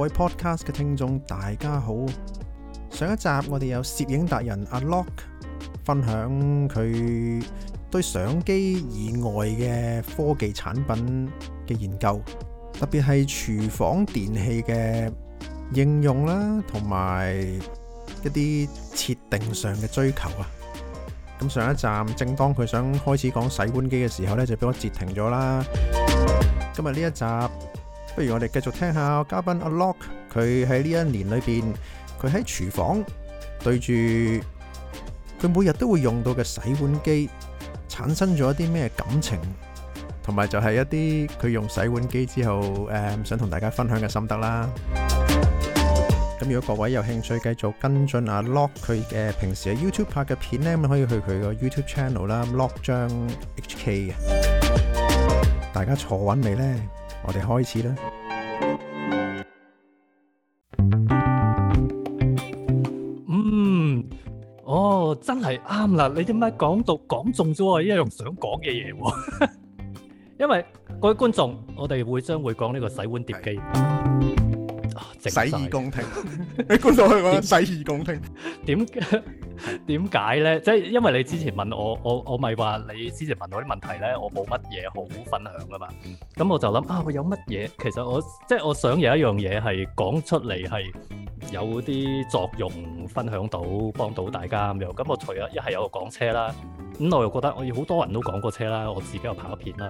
各位 Podcast 嘅聽眾，大家好，上一集我哋有攝影達人阿 Lok 分享佢對相機以外嘅科技產品嘅研究，特別係廚房電器嘅應用啦，同埋一啲設定上嘅追求啊。咁上一集正當佢想開始講洗碗機嘅時候呢，就俾我截停咗啦。今日呢一集。不如我哋繼續聽下嘉賓阿 Lok，佢喺呢一年裏邊，佢喺廚房對住佢每日都會用到嘅洗碗機，產生咗一啲咩感情，同埋就係一啲佢用洗碗機之後，誒、呃、想同大家分享嘅心得啦。咁如果各位有興趣繼續跟進阿 Lok 佢嘅平時喺 YouTube 拍嘅片呢，咁可以去佢個 YouTube channel 啦。Lok Cheung HK 嘅，大家坐穩未呢？我哋開始啦。嗯，哦，真係啱啦！你點解講到講中咗我，一樣想講嘅嘢喎。因為各位觀眾，我哋會將會講呢個洗碗碟機，洗耳恭聽。你觀眾去講洗耳恭聽，點？點解呢？即係因為你之前問我，我我咪話你之前問我啲問題呢，我冇乜嘢好分享㗎嘛。咁我就諗啊，我有乜嘢？其實我即係我想有一樣嘢係講出嚟係有啲作用，分享到幫到大家咁樣。咁我除咗一係有講車啦。咁我又覺得我要好多人都講過車啦，我自己又拍過片啦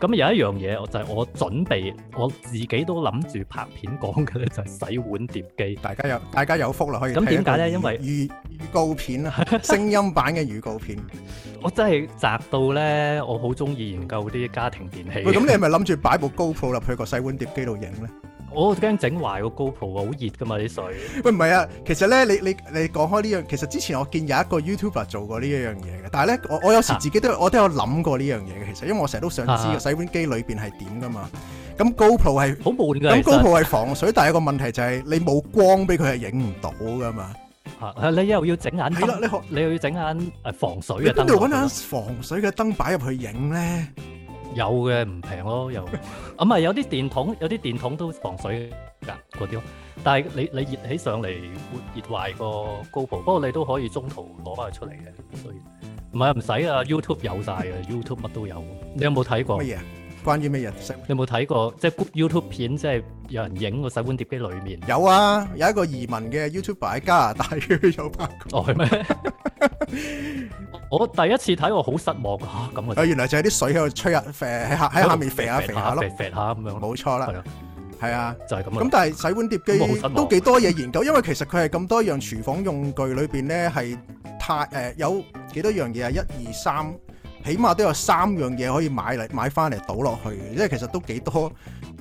咁。有一樣嘢，我就係我準備我自己都諗住拍片講嘅就係洗碗碟機。大家有大家有福啦，可以。咁點解咧？因為預告片啦，聲音版嘅預告片。告片 我真係宅到咧，我好中意研究啲家庭電器。咁 你係咪諗住擺部 GoPro 入去個洗碗碟機度影咧？我驚整壞個 GoPro 好熱噶嘛啲水。喂，唔係啊，其實咧你你你講開呢樣，其實之前我見有一個 YouTuber 做過呢一樣嘢嘅。但係咧，我我有時自己都、啊、我都有諗過呢樣嘢嘅。其實因為我成日都想知洗碗機裏邊係點噶嘛。咁 GoPro 係好悶㗎，咁 GoPro 係防水，實但係一個問題就係你冇光俾佢係影唔到㗎嘛。係啊，你又要整眼你你又要整眼誒防水。邊度揾啱防水嘅燈擺入 去影咧？有嘅唔平咯，又咁啊有啲電筒，有啲電筒都防水㗎嗰啲咯，但係你你熱起上嚟會熱壞個 GoPro，不過你都可以中途攞返佢出嚟嘅，所以唔係唔使啊 YouTube 有晒啊 YouTube 乜都有，你有冇睇過？乜嘢？.關於咩顏你有冇睇過即係 YouTube 片，即係有人影個洗碗碟機裏面？有啊，有一個移民嘅 YouTuber 喺加拿大有拍過，哦係咩？我第一次睇我好失望啊！咁啊，原來就係啲水喺度吹啊，肥，喺下喺下面肥下肥下咯，肥下咁樣。冇錯啦，係啊，係啊，就係咁啊。咁但係洗碗碟機都幾多嘢研究，因為其實佢係咁多樣廚房用具裏邊咧，係太誒有幾多樣嘢啊？一二三。起碼都有三樣嘢可以買嚟買翻嚟倒落去嘅，因為其實都幾多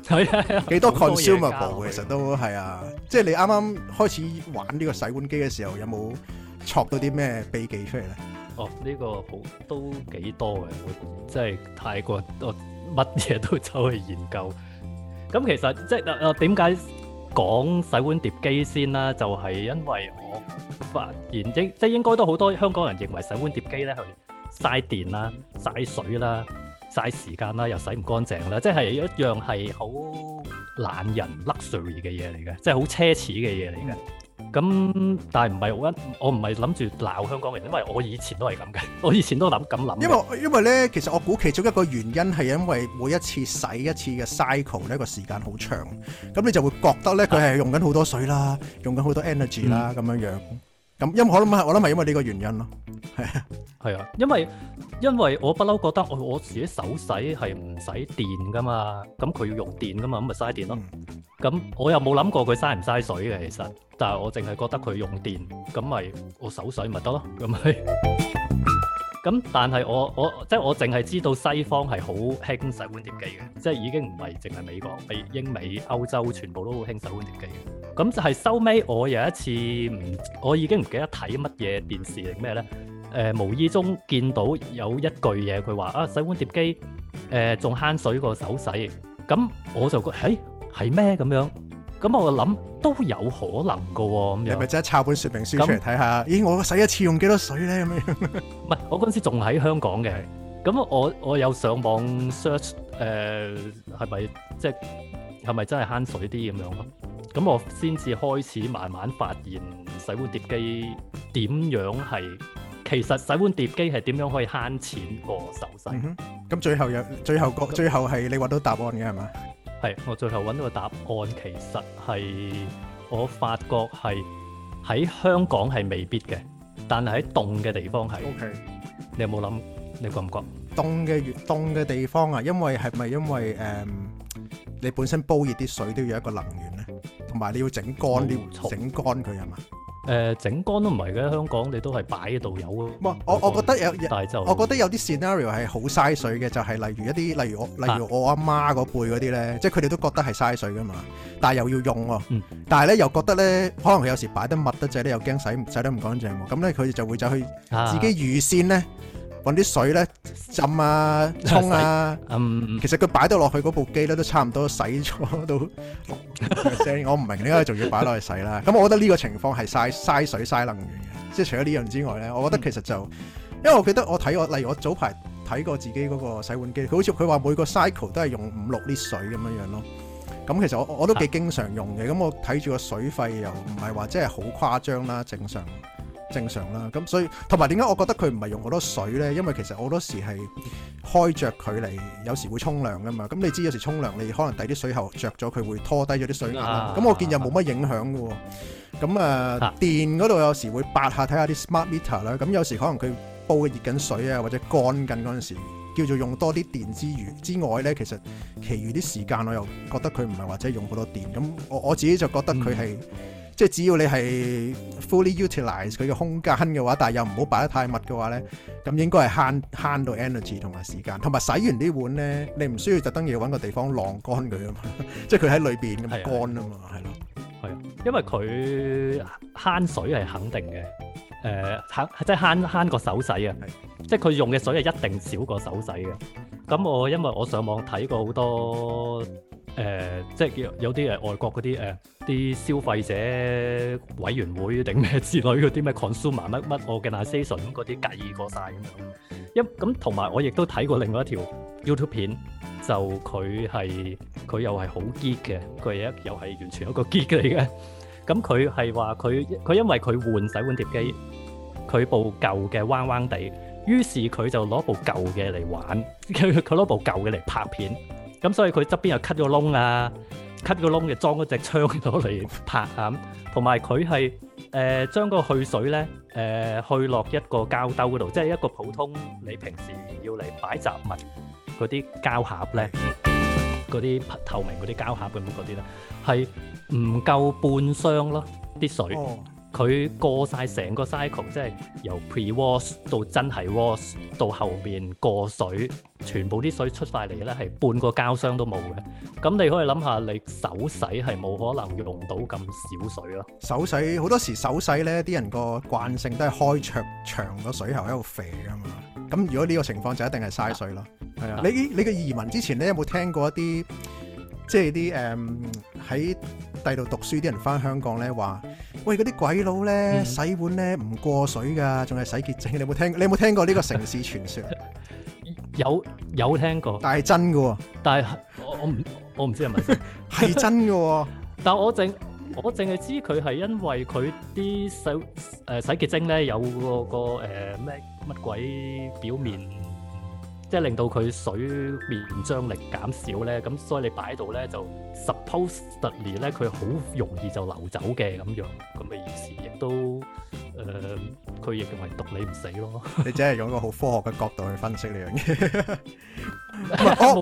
幾多 consumable 其實都係啊！ 即係你啱啱開始玩呢個洗碗機嘅時候， 有冇學到啲咩秘技出嚟咧？哦，呢、呢個好都幾多嘅，即真係太過我乜嘢都走去研究。咁其實即係嗱，點解講洗碗碟機先啦？就係、係、因為我發現，即係應該都好多香港人認為洗碗碟機咧嘥電啦，嘥水啦，嘥時間啦，又洗唔乾淨啦，即係一樣係好懶人 luxury 嘅嘢嚟嘅，即係好奢侈嘅嘢嚟嘅。咁但係唔係我我唔係諗住鬧香港人，因為我以前都係咁嘅，我以前都諗咁諗。因為因為咧，其實我估其中一個原因係因為每一次洗一次嘅 cycle 呢個時間好長，咁你就會覺得咧佢係用緊好多水啦，用緊好多 energy 啦咁樣、嗯、樣。咁因為我諗我諗係因為呢個原因咯，係。 係啊，因為因為我不嬲覺得我我自己手洗係唔使電㗎嘛，咁佢要用電㗎嘛，咁咪嘥電咯。咁我又冇諗過佢嘥唔嘥水嘅，其實，但係我淨係覺得佢用電，咁咪我，我手洗咪得咯，咁咪、就是。咁 但係我我即係、就是、我淨係知道西方係好興洗碗碟機嘅，即係已經唔係淨係美國、美英美歐洲，全部都好興洗碗碟機嘅。咁就係收尾，我有一次唔，我已經唔記得睇乜嘢電視定咩咧。誒、呃、無意中見到有一句嘢，佢話啊，洗碗碟機誒仲慳水過手洗，咁我就覺係係咩咁樣？咁我諗都有可能噶喎，咁樣係咪即係抄本說明書出嚟睇下？樣咦，我洗一次用幾多水咧？咁樣唔係我嗰陣時仲喺香港嘅，咁我我有上網 Search 誒係咪即係係咪真係慳水啲咁樣咯？咁我先至開始慢慢發現洗碗碟機點樣係。其實洗碗碟機係點樣可以慳錢過手勢？咁、嗯、最後有最後個最後係你揾到答案嘅係嘛？係我最後揾到個答案，其實係我發覺係喺香港係未必嘅，但係喺凍嘅地方係。O K。你有冇諗？你覺唔覺？凍嘅越凍嘅地方啊，因為係咪因為誒、嗯、你本身煲熱啲水都要有一個能源咧，同埋你要整乾啲整乾佢係嘛？誒、呃、整乾都唔係嘅，香港你都係擺喺度有咯。我我覺得有有，但就我覺得有啲 scenario 係好嘥水嘅，就係、是、例如一啲，例如我，例如我阿媽嗰輩嗰啲咧，啊、即係佢哋都覺得係嘥水㗎嘛，但係又要用喎，嗯、但係咧又覺得咧，可能佢有時擺得密得滯咧，又驚洗唔洗得唔乾淨喎，咁咧佢哋就會走去自己預先咧。啊啊揾啲水咧浸啊、沖啊，啊啊其實佢擺到落去嗰部機咧都差唔多洗咗都 我唔明點解仲要擺落去洗啦。咁、 嗯、我覺得呢個情況係嘥嘥水嘥能源嘅。即係除咗呢樣之外咧，我覺得其實就因為我記得我睇過，例如我早排睇過自己嗰個洗碗機，佢好似佢話每個 cycle 都係用五六啲水咁樣樣咯。咁、嗯、其實我我都幾經常用嘅。咁、嗯、我睇住個水費又唔係話真係好誇張啦，正常。正常啦，咁所以同埋點解我覺得佢唔係用好多水呢？因為其實好多時係開着佢嚟，有時會沖涼噶嘛。咁你知有時沖涼你可能第啲水喉着咗，佢會拖低咗啲水壓。咁我見又冇乜影響嘅喎。咁啊、呃、哈電嗰度有時會八下睇下啲 smart meter 啦。咁有時可能佢煲嘅熱緊水啊，或者乾緊嗰陣時，叫做用多啲電之餘之外呢，其實其餘啲時間我又覺得佢唔係或者用好多電。咁我我自己就覺得佢係。嗯即係只要你係 fully utilise 佢嘅空間嘅話，但係又唔好擺得太密嘅話咧，咁應該係慳慳到 energy 同埋時間，同埋洗完啲碗咧，你唔需要特登要揾個地方晾乾佢啊嘛， 即係佢喺裏邊咁乾啊嘛，係咯，係啊了，因為佢慳水係肯定嘅。誒慳、呃、即係慳慳個手洗啊。的即係佢用嘅水係一定少過手洗嘅。咁我因為我上網睇過好多誒、呃，即係有啲誒外國嗰啲誒啲消費者委員會定咩之類嗰啲咩 consumer 乜乜 organisation 嗰啲計過晒。咁樣。因咁同埋我亦都睇過另外一條 YouTube 片，就佢係佢又係好 geek 嘅，佢又又係完全一個 geek 嚟嘅。咁佢係話佢佢因為佢換洗碗碟機，佢部舊嘅彎彎地，於是佢就攞部舊嘅嚟玩，佢佢攞部舊嘅嚟拍片，咁所以佢側邊又 cut 個窿啊，cut 個窿就裝咗隻槍攞嚟拍啊，同埋佢係誒將個去水咧誒、呃、去落一個膠兜嗰度，即係一個普通你平時要嚟擺雜物嗰啲膠盒咧。嗰啲透明嗰啲膠盒咁嗰啲啦，係唔夠半箱咯啲水，佢、哦、過晒成個 cycle，即係由 pre wash 到真係 wash 到後邊過水，全部啲水出晒嚟咧係半個膠箱都冇嘅。咁你可以諗下，你手洗係冇可能用到咁少水咯。手洗好多時手洗呢啲人個慣性都係開長長個水喉喺度肥㗎嘛。咁如果呢個情況就一定係嘥水咯。係啊，你你嘅移民之前咧，有冇聽過一啲即係啲誒喺第度讀書啲人翻香港咧話，喂，嗰啲鬼佬咧洗碗咧唔過水噶，仲係洗潔精。你有冇聽？你有冇聽過呢個城市傳說？有有聽過，但係真嘅喎。但係我我唔我唔知係咪真，係真嘅喎。但係我淨我淨係知佢係因為佢啲洗誒洗潔精咧有個個誒咩乜鬼表面。即係令到佢水面張力減少咧，咁所以你擺到咧就 supposedly 咧，佢好容易就流走嘅咁樣。咁嘅意思亦都誒，佢亦唔係毒你唔死咯。你真係用一個好科學嘅角度去分析呢樣嘢。唔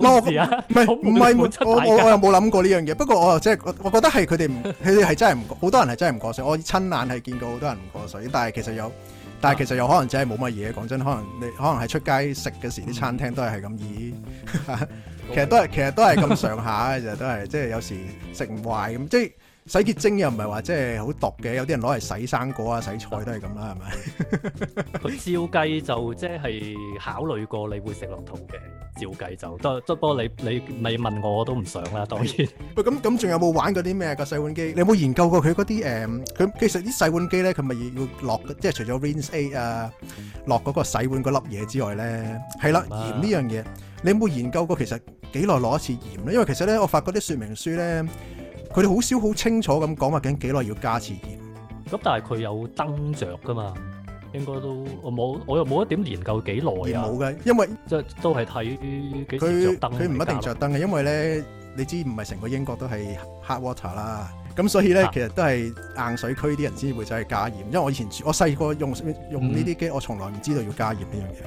我，唔係唔係，我我又冇諗過呢樣嘢。 不過我又真係，我，我覺得係佢哋唔，佢哋係真係唔，好多人係真係唔過水。我親眼係見過好多人唔過水，但係其實有。但係其實又可能、啊、真係冇乜嘢，講真，可能你可能喺出街食嘅時，啲、嗯、餐廳都係係咁意，其實都係其實都係咁上下嘅，就都係即係有時食唔壞咁，即係洗潔精又唔係話即係好毒嘅，有啲人攞嚟洗生果啊、洗菜都係咁啦，係咪、嗯？ 佢照計就即係考慮過你會食落肚嘅。照計就，都都不過你你你問我我都唔想啦，當然、哎。喂，咁咁仲有冇玩嗰啲咩嘅洗碗機？你有冇研究過佢嗰啲誒？佢、嗯、其實啲洗碗機咧，佢咪要落，即係除咗 Rinse Aid 啊，落嗰個洗碗嗰粒嘢之外咧，係啦，鹽呢樣嘢，你有冇研究過其實幾耐攞一次鹽咧？因為其實咧，我發覺啲說明書咧，佢哋好少好清楚咁講話究竟幾耐要加一次鹽。咁但係佢有燈著㗎嘛。應該都我冇，我又冇一點研究幾耐啊。冇嘅，因為即係都係睇佢，佢唔一定着燈嘅，因為咧你知唔係成個英國都係 hard water 啦，咁所以咧其實都係硬水區啲人先會走去加鹽。因為我以前我細個用用呢啲機，我從來唔知道要加鹽呢樣嘢。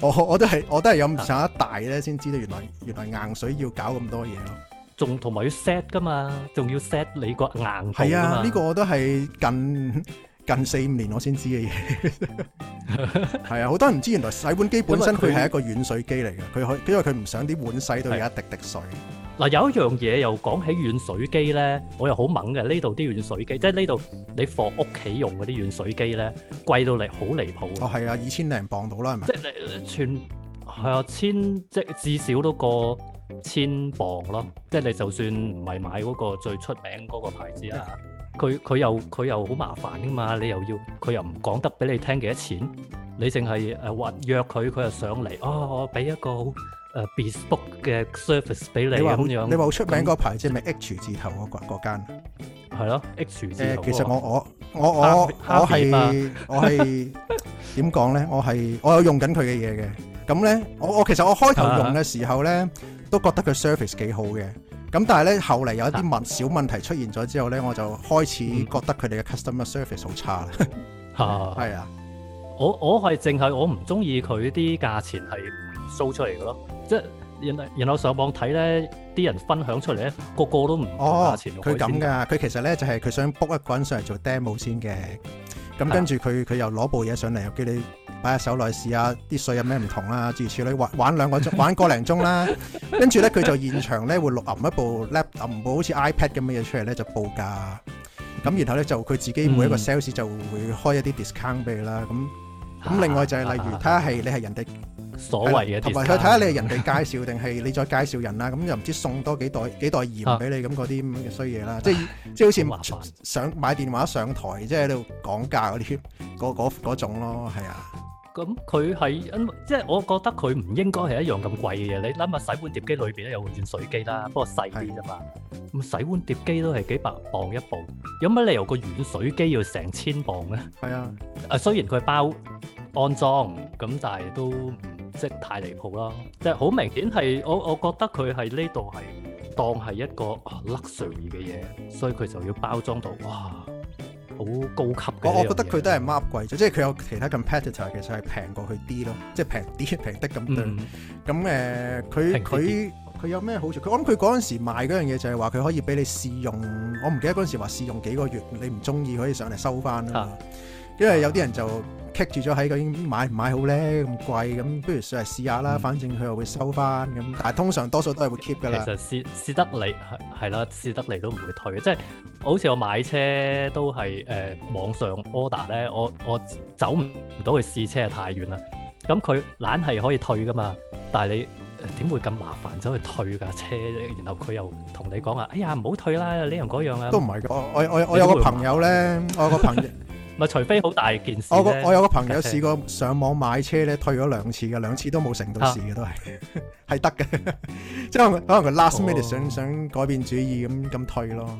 我我都係我都係飲上一大咧，先知道原來原來硬水要搞咁多嘢咯。仲同埋要 set 噶嘛，仲要 set 你個硬度啊呢，呢個我都係近。近四五年我先知嘅嘢，係啊，好多人唔知原來洗碗機本身佢係一個軟水機嚟嘅。佢可因為佢唔想啲碗洗到有一滴滴水，嗯。嗱，有一樣嘢又講起軟水機咧，我又好猛嘅。呢度啲軟水機，即係呢度你放屋企用嗰啲軟水機咧，貴到嚟好離譜。哦，係啊，二千零鎊到啦，係咪？即係你全，係啊，千，即係至少都過千鎊咯。即係你就算唔係買嗰個最出名嗰個牌子啦。嗯佢佢又佢又好麻煩噶嘛，你又要佢又唔講得俾你聽幾多錢，你淨係誒話約佢，佢又上嚟，哦，我俾一個誒 Facebook 嘅 service 俾你咁說樣。你話好出名嗰牌子係咪那 H 字頭嗰、那個間？係咯、啊、H 字頭、那個。誒、呃，其實我我我我我係我係點講咧？我係我，我有用緊佢嘅嘢嘅。咁咧，我我其實我開頭用嘅時候咧，都覺得佢 service 幾好嘅。咁但係咧，後嚟有一啲問小問題出現咗之後咧，我就開始覺得佢哋嘅 customer service 好差啦、嗯。係啊， 啊我我係淨係我唔中意佢啲價錢係 show 出嚟嘅咯。即係然後然後上網睇咧，啲人分享出嚟咧，個個都唔哦價錢，佢咁噶，佢其實咧就係、是、佢想 book 一個人上嚟做 demo 先嘅。咁跟住佢佢又攞部嘢上嚟又叫你。擺下手來試下啲水有咩唔同啦、啊，住處裏玩玩兩個鐘，玩個零鐘啦。跟住咧佢就現場咧會錄攞一部 laptop 部好似 iPad 咁嘅嘢出嚟咧就報價。咁、嗯、然後咧就佢自己每一個 sales 就會開一啲 discount 俾你啦。咁咁、嗯、另外就係例如睇下係你係人哋所謂嘅，同埋佢睇下你係人哋介紹定係你再介紹人啦。咁又唔知送多幾袋幾袋鹽俾你咁嗰啲咁嘅衰嘢啦。即係即係好似上買電話上台即係喺度講價嗰啲嗰種咯，係啊。咁佢係因即係我覺得佢唔應該係一樣咁貴嘅嘢。你諗下洗碗碟機裏邊咧有個軟水機啦，不過細啲啫嘛。咁洗碗碟機都係幾百鎊一部，有乜理由個軟水機要成千鎊咧？係啊，誒雖然佢包安裝，咁但係都唔即太離譜啦。即係好明顯係我我覺得佢喺呢度係當係一個 luxury 嘅嘢，所以佢就要包裝到哇。好高級，我我覺得佢都係 mark 貴咗，嗯、即係佢有其他 competitor 其實係平過佢啲咯，即係平啲、平啲咁對。咁誒、嗯嗯，佢佢佢有咩好處？佢我諗佢嗰陣時賣嗰樣嘢就係話佢可以俾你試用，我唔記得嗰陣時話試用幾個月，你唔中意可以上嚟收翻啦。因為有啲人就棘住咗喺究竟買唔買好咧，咁貴咁，不如上嚟試下啦，嗯、反正佢又會收翻咁。但係通常多數都係會 keep 噶啦。其實試試得嚟係係啦，試得嚟都唔會退，即係好似我買車都係誒、呃、網上 order 咧，我我走唔到去試車係太遠啦。咁佢懶係可以退噶嘛，但係你點、呃、會咁麻煩走去退架車咧？然後佢又同你講啊，哎呀唔好退啦，呢樣嗰樣啊，都唔係我我我你也 有個朋友咧，我有個朋友。 咪除非好大件事咧，我我有個朋友試過上網買車咧，退咗兩次嘅，兩次都冇成到事嘅、啊、都係，係得嘅，即 係可能佢 last minute 想、哦、想,想改變主意咁咁退咯，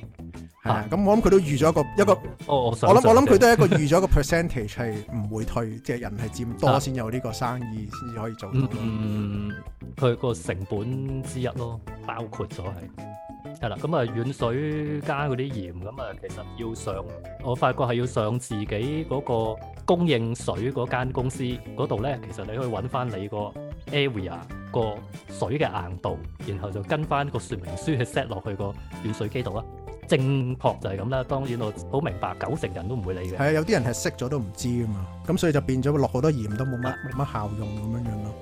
係咁、啊、我諗佢都預咗一個一個，我諗我諗佢都係一個,、哦、一個預咗一個 percentage 係唔會退，即係 人係佔多先有呢個生意先至、啊、可以做到咯，到、嗯。嗯佢個成本之一咯，包括咗、就、係、是。係啦，咁啊、嗯，軟水加嗰啲鹽，咁、嗯、啊，其實要上，我發覺係要上自己嗰個供應水嗰間公司嗰度咧，其實你可以揾翻你個 area 個水嘅硬度，然後就跟翻個說明書去 set 落去個軟水機度啊。正確就係咁啦，當然我好明白，九成人都唔會理嘅。係啊，有啲人係識咗都唔知㗎嘛，咁所以就變咗落好多鹽都冇乜冇乜效用咁樣樣咯。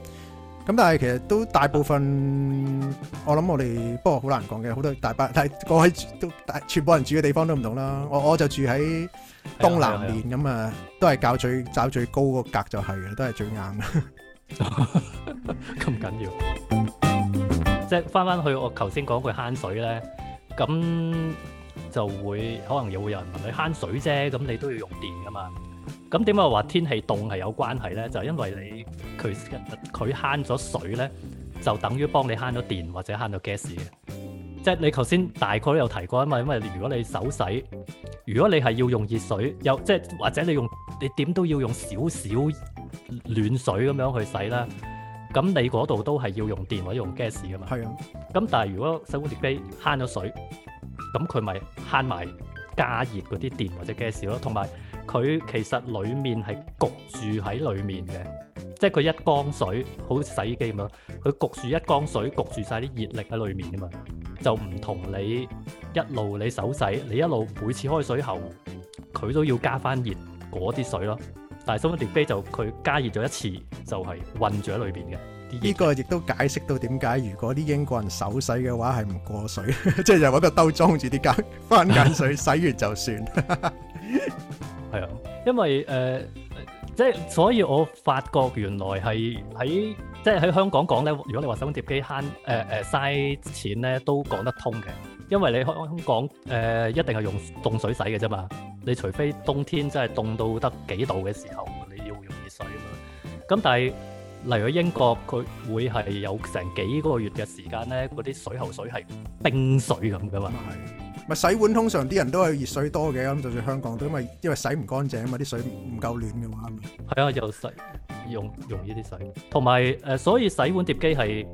咁但係其實都大部分，我諗我哋不過好難講嘅，好多大伯，但係各位都大全部人住嘅地方都唔同啦。我我就住喺東南面咁啊、就是，都係較最找最高個格就係嘅，都係最硬。咁緊 要？ 即係返返去我頭先講句慳水咧，咁就會可能又會有人問你慳水啫，咁你都要用電㗎嘛。咁點解話天氣凍係有關係咧？就係因為你佢佢慳咗水咧，就等於幫你慳咗電或者慳到 gas 嘅。即係你頭先大概都有提過啊嘛，因為如果你手洗，如果你係要用熱水，又即係或者你用你點都要用少少暖水咁樣去洗啦。咁你嗰度都係要用電或者用 gas 噶嘛。係啊的。咁但係如果洗碗機慳咗水，咁佢咪慳埋加熱嗰啲電或者 gas 咯，同埋。佢其實裏面係焗住喺裏面嘅，即係佢一缸水，好似洗機咁樣，佢焗住一缸水，焗住晒啲熱力喺裏面啊嘛，就唔同你一路你手洗，你一路每次開水後，佢都要加翻熱嗰啲水咯。但係蘇打電杯就佢加熱咗一次，就係、是、混住喺裏邊嘅。呢個亦都解釋到點解如果啲英國人手洗嘅話係唔過水， 即係又個兜裝住啲番梘水，洗完就算。 因為誒、呃，即係所以我發覺原來係喺即係喺香港講咧，如果你話洗碗碟機慳誒誒嘥錢咧，都講得通嘅。因為你香港誒、呃、一定係用凍水洗嘅啫嘛，你除非冬天真係凍到得幾度嘅時候，你要用熱水啊嘛。咁但係嚟到英國，佢會係有成幾個月嘅時間咧，嗰啲水喉水係冰水咁噶嘛。咪洗碗通常啲人都係熱水多嘅，咁就算香港都，因為因為洗唔乾淨啊嘛，啲水唔夠暖嘅話。係啊，又洗，容容易啲洗。同埋誒，所以洗碗碟機係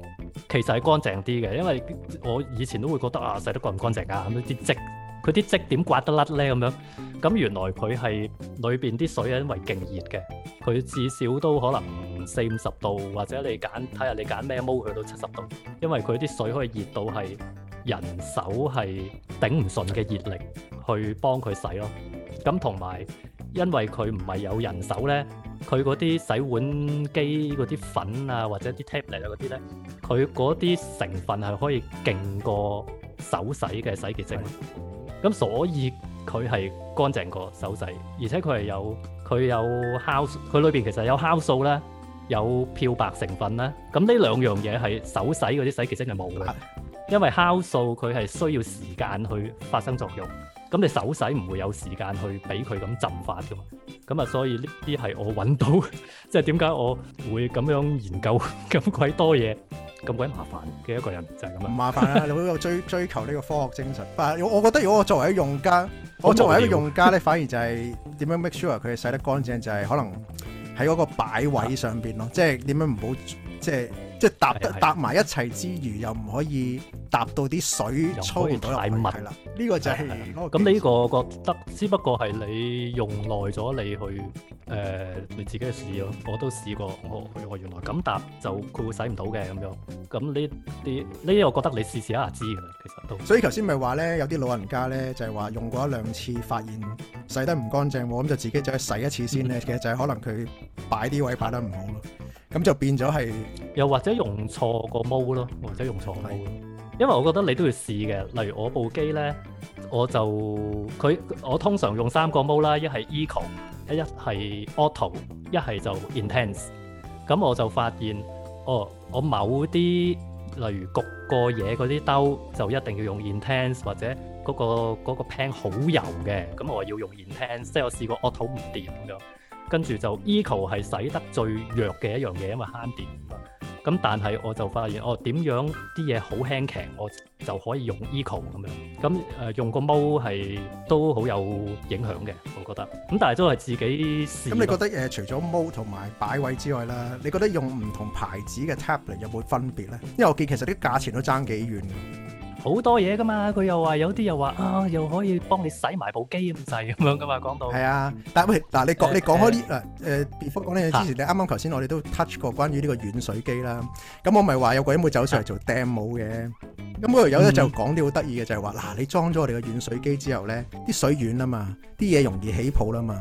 其實係乾淨啲嘅，因為我以前都會覺得啊，洗得乾唔乾淨啊，咁啲積，佢啲積點刮得甩咧咁樣？咁原來佢係裏邊啲水係因為勁熱嘅，佢至少都可能四五十度，或者你揀睇下你揀咩模去到七十度，因為佢啲水可以熱到係。人手係頂唔順嘅熱力去幫佢洗咯，咁同埋因為佢唔係有人手咧，佢嗰啲洗碗機嗰啲粉啊或者啲 tablet 啊嗰啲咧，佢嗰啲成分係可以勁過手洗嘅洗潔精，咁的所以佢係乾淨過手洗，而且佢係有佢有酵佢裏邊其實有酵素啦，有漂白成分啦，咁呢兩樣嘢係手洗嗰啲洗潔精係冇嘅。啊因為酵素佢係需要時間去發生作用，咁你手洗唔會有時間去俾佢咁浸發噶嘛，咁啊所以呢啲係我揾到，即係點解我會咁樣研究咁鬼多嘢，咁鬼麻煩嘅一個人就係咁啦。唔麻煩啊， 你好有追追求呢個科學精神，但係我覺得如果我作為一個用家，我作為一個用家咧，反而就係點樣 make sure 佢洗得乾淨，就係、係，可能喺嗰個擺位上邊咯，即係點樣唔好即係。就係即係搭的搭埋一齊之餘，的又唔可以搭到啲水沖太密，係啦。呢個就係咁。你呢個覺得，只不過係你用耐咗，你去誒、呃、你自己去試咯。我都試過，我，我原來咁搭就佢會洗唔到嘅咁樣。咁呢啲呢啲，我覺得你試試下知嘅。其實都，所以頭先咪話咧，有啲老人家咧就係、是、話用過一兩次，發現洗得唔乾淨，咁、嗯、就自己再洗一次先咧。其實、嗯、就係可能佢擺啲位擺得唔好咯。咁就變咗係，又或者用錯個 mode 咯，或者用錯 mode 咯。因為我覺得你都要試嘅。例如我部機咧，我就佢我通常用三個 mode 啦，一係 eco，一係 auto，一係就 intense int。咁我就發現，哦，我某啲例如焗個嘢嗰啲兜就一定要用 intense，或者嗰個嗰個 pan 好油嘅，咁我係要用 intense。即係我試過 auto 唔掂咁樣。跟住就 eco 係使得最弱嘅一樣嘢，因為慳電。咁但係我就發現哦點樣啲嘢好輕騎，我就可以用 eco 咁樣。咁、嗯、誒用個 mode 係都好有影響嘅，我覺得。咁但係都係自己試。咁你覺得誒、呃、除咗 mode 同埋擺位之外啦，你覺得用唔同牌子嘅 tablet 有冇分別咧？因為我見其實啲價錢都爭幾遠。好多嘢噶嘛，佢又話有啲又話啊、哦，又可以幫你洗埋部機咁滯咁樣噶嘛，講到係 啊，但係嗱你講你講開啲，誒誒 before 講呢樣之前，你啱啱頭先我哋都 touch 過關於呢個軟水機啦，咁、啊嗯啊、我咪話有人會走上嚟做 demo 嘅，咁嗰條友咧就講啲好得意嘅就係話嗱，你裝咗我哋嘅軟水機之後咧，啲水軟啦嘛，啲嘢容易起泡啦嘛。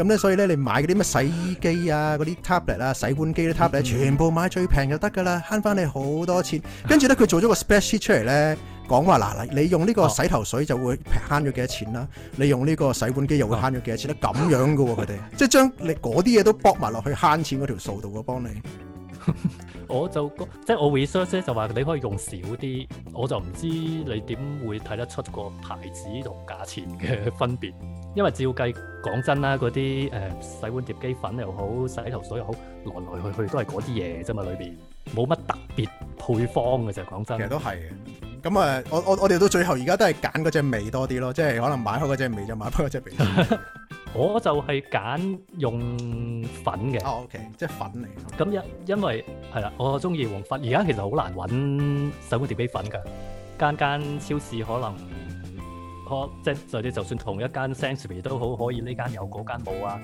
咁咧，所以咧，你買嗰啲咩洗衣機啊、嗰啲 tablet 啊、洗碗機啲 tablet、啊、全部買最平就得噶啦，慳翻你好多錢。跟住咧，佢做咗個 spreadsheet 出嚟咧，講話嗱，你用呢個洗頭水就會平慳咗幾多錢啦、啊，你用呢個洗碗機又會慳咗幾多錢咧，咁、啊啊、樣噶喎佢哋，即係將你嗰啲嘢都搏埋落去慳錢嗰條數度，我幫你。 我就即係我 research 咧，就話你可以用少啲，我就唔知你點會睇得出個牌子同價錢嘅分別。因為照計講真啦，嗰啲誒洗碗碟機粉又好，洗頭水又好，來來去去都係嗰啲嘢啫嘛，裏邊冇乜特別配方嘅，就講真。其實都係嘅。咁啊、嗯，我我我哋到最後而家都係揀嗰隻味多啲咯，即係可能買開嗰隻味就買返嗰隻味。我就係揀用粉嘅。OK 即係粉嚟。咁因因為係啦，我中意用粉。而家其實好難揾手面碟俾粉㗎，間間超市可能即係、就是、就算同一間 s a n r i 都好，可以呢間有嗰間冇啊，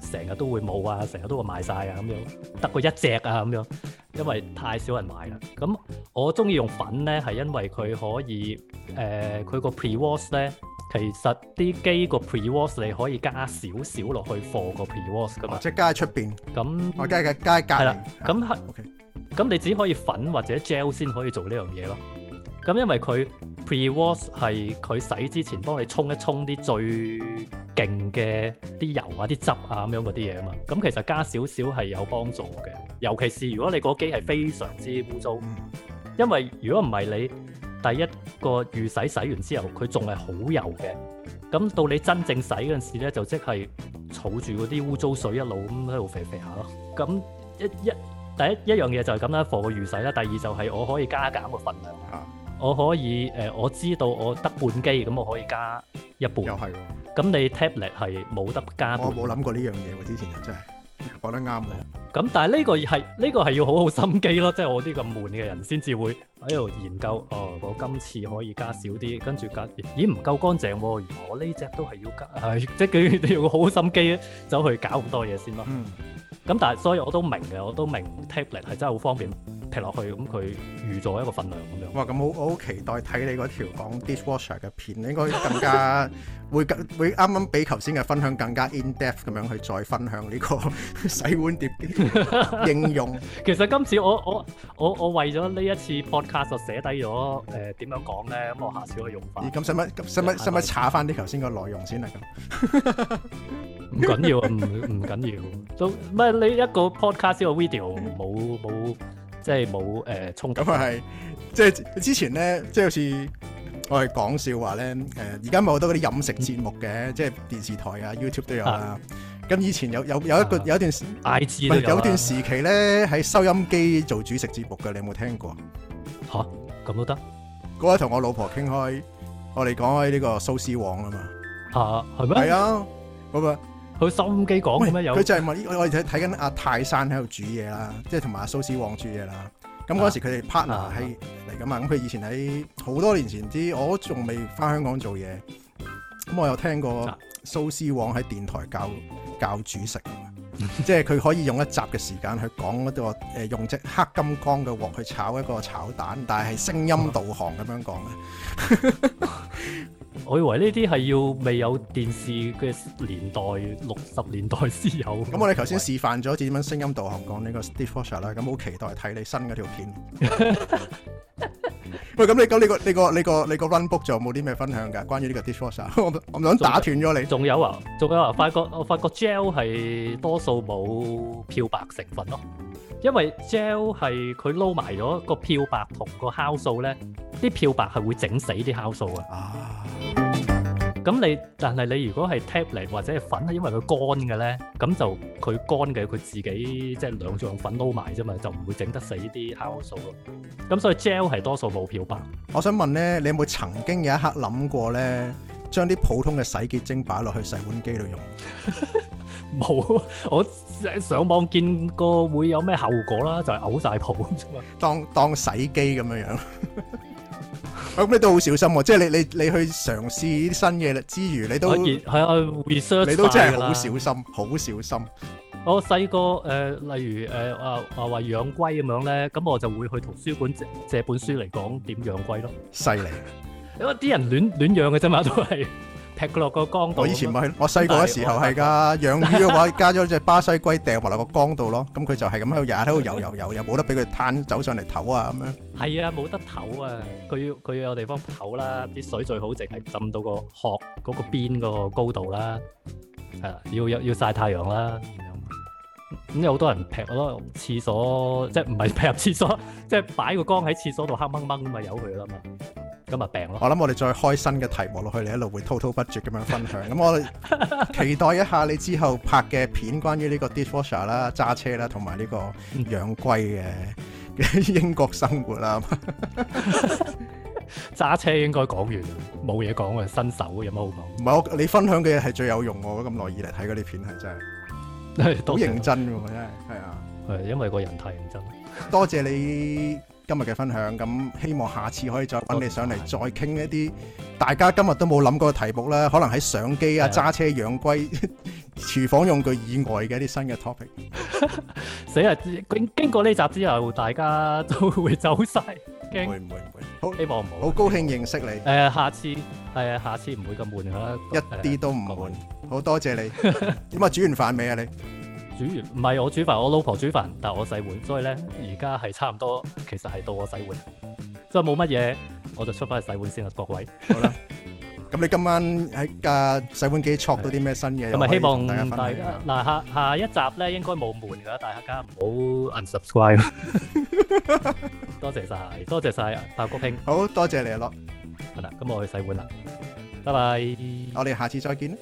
成日都會冇啊，成日都會賣晒啊，咁樣得個一隻啊，咁樣因為太少人買啦。咁。我中意用粉咧，係因為佢可以誒，佢、呃、個 pre wash 咧，其實啲機個 pre wash 你可以加少少落去放個 pre wash 噶嘛、哦，即係加喺出邊咁，那我加嘅加喺隔離，係啦，咁係，咁你只可以粉或者 gel 先可以做呢樣嘢咯。咁因為佢 pre wash 係佢洗之前幫你沖一沖啲最勁嘅啲油啊、啲汁啊咁樣嗰啲嘢啊嘛。咁其實加少少係有幫助嘅，尤其是如果你個機係非常之污糟。嗯因為如果唔係你第一個預洗洗完之後，佢仲係好油嘅，咁到你真正洗嗰陣時咧，就即係儲住嗰啲污糟水一路咁喺度肥肥下咯。咁一一第一一樣嘢就係咁啦，放個預洗啦。第二就係我可以加減個份量，啊、我可以誒我知道我得半機，咁我可以加一半。又係喎。咁你 tablet 係冇得加？我冇諗過呢樣嘢喎，之前真係。講得啱嘅，咁但係呢個係呢、呢個係要好好心機咯，即係我啲咁悶嘅人先至會喺度研究，哦，我今次可以加少啲，跟住加，咦唔夠乾淨喎、啊，我呢隻都係要加，係、哎、即係佢哋要好好心機啊，走去搞咁多嘢先咯。嗯咁 但係，所以我都明嘅，我都明 tablet 係真係好方便，劈落去咁佢預咗一個份量咁樣。哇！咁我我好期待睇你嗰條講 dishwasher 嘅片，應該更加 會會啱啱比頭先嘅分享更加 in depth 咁樣去再分享呢個洗碗碟嘅應用。其實今次，次、呃、次我我我我為咗呢一次 podcast 就寫低咗誒點樣講咧，咁我下次去用翻。咁使唔使使使唔使查翻啲頭先個內容先啊？唔緊要啊，唔唔緊要，都唔係你一個 podcast 一個 video 冇冇即係冇誒衝突。咁啊係，即係之前咧，即係好似我係講笑話咧，誒而家咪好多嗰啲飲食節目嘅，即係電視台啊、YouTube 都有啦。咁以前有有有一個有一段時，有段時期咧喺收音機做煮食節目嘅，你有冇聽過？吓咁都得？嗰日同我老婆傾開，我哋講開呢個蘇絲黃啊嘛。吓係咩？係啊，嗰個。佢心機講咁有，佢就係問我哋睇緊阿泰山喺度煮嘢啦，即係同埋蘇思旺煮嘢啦。咁嗰時佢哋 partner 喺嚟㗎嘛，咁佢、啊啊、以前喺好多年前知我仲未返香港做嘢，咁我有聽過蘇思旺喺電台教教煮食。即係佢可以用一集嘅時間去講嗰個、呃、用隻黑金剛嘅鑊去炒一個炒蛋，但係係聲音導航咁樣講嘅。 我以為呢啲係要未有電視嘅年代，六十年代先有。咁 我哋頭先示範咗點樣聲音導航講呢個 disposal 啦，咁好期待睇你新嗰條片。 喂，咁你咁呢個你個呢個呢個 runbook 仲有冇啲咩分享㗎？關於呢個 dishwasher， 我我想打斷咗你。仲有啊？仲有啊？發覺我發覺 gel 係多數冇漂白成分咯，因為 gel 係佢撈埋咗個漂白同個酵素咧，啲漂白係會整死啲酵素啊。咁你，但係你如果係 tablet 或者係粉，係因為佢乾嘅咧，咁就佢乾嘅佢自己即係兩種粉撈埋啫嘛，就唔會整得死啲酵素咯。咁所以 gel 係多數冇漂白。我想問咧，你有冇曾經有一刻諗過咧，將啲普通嘅洗潔精擺落去洗碗機度用？冇，我上網見過會有咩後果啦，就係嘔曬泡啫嘛。當當洗機咁樣樣。咁你都好小心喎，即係你你你去嘗試啲新嘢嘞，之餘，你都係啊 research，你都真係好小心，好小心。我細個誒，例如誒啊啊話養龜咁樣咧，咁我就會去圖書館借借本書嚟講點養龜咯。犀利，因為啲人亂亂養嘅啫嘛，都係。劈落個缸度。我以前咪我細個嘅時候係㗎，是是養魚嘅話 加咗隻巴西龜掟落個缸度咯，咁佢就係咁喺度日喺度游游游， 又冇得俾佢攤走上嚟唞啊咁樣。係啊，冇得唞啊，佢、啊、要佢要有地方唞啦、啊，啲水最好淨係浸到個殼嗰個邊個高度啦、啊，係啦、啊，要要要曬太陽啦咁樣。咁有好多人劈咯，廁所即係唔係劈入廁所，即係擺個缸喺廁所度黑掹掹咪由佢啦嘛。今日病咯，我諗我哋再開新嘅題目落去，你一路會滔滔不絕咁樣分享。咁 我期待一下你之後拍嘅片，關於 washer，關於呢個 Dishwasher 啦、揸車啦，同埋呢個養龜嘅英國生活啦。揸、嗯、 車應該講完，冇嘢講啊，新手有乜好講？唔係，我你分享嘅嘢係最有用喎！咁耐以嚟睇嗰啲片係真係好認真喎！真係，係啊，係因為個人太認真。多謝你。今日嘅分享，咁希望下次可以再揾你上嚟再傾一啲大家今日都冇諗過嘅題目啦，可能喺相機啊、揸車、養龜、廚房用具以外嘅一啲新嘅 topic。死啊！經經過呢集之後，大家都會走曬，驚唔驚？好，希望唔好。好高興認識你。誒，下次，係啊，下次唔會咁悶啦，一啲都唔悶。好多謝你。咁啊，煮完飯未啊你？煮完，唔係我煮飯，我老婆煮飯，但係我洗碗，所以咧而家係差唔多，其實係到我洗碗，即係冇乜嘢，我就出翻去洗碗先啦，各位。好啦，咁你今晚喺架、啊、洗碗機 chock 到啲咩新嘢？咁咪的希望大家嗱下下一集咧，應該冇門噶，大家唔好 unsubscribe。 多謝晒，多謝晒，鮑哥拼，好多謝你阿 Lok。係啦，咁我去洗碗啦，拜拜，我哋下次再見啦。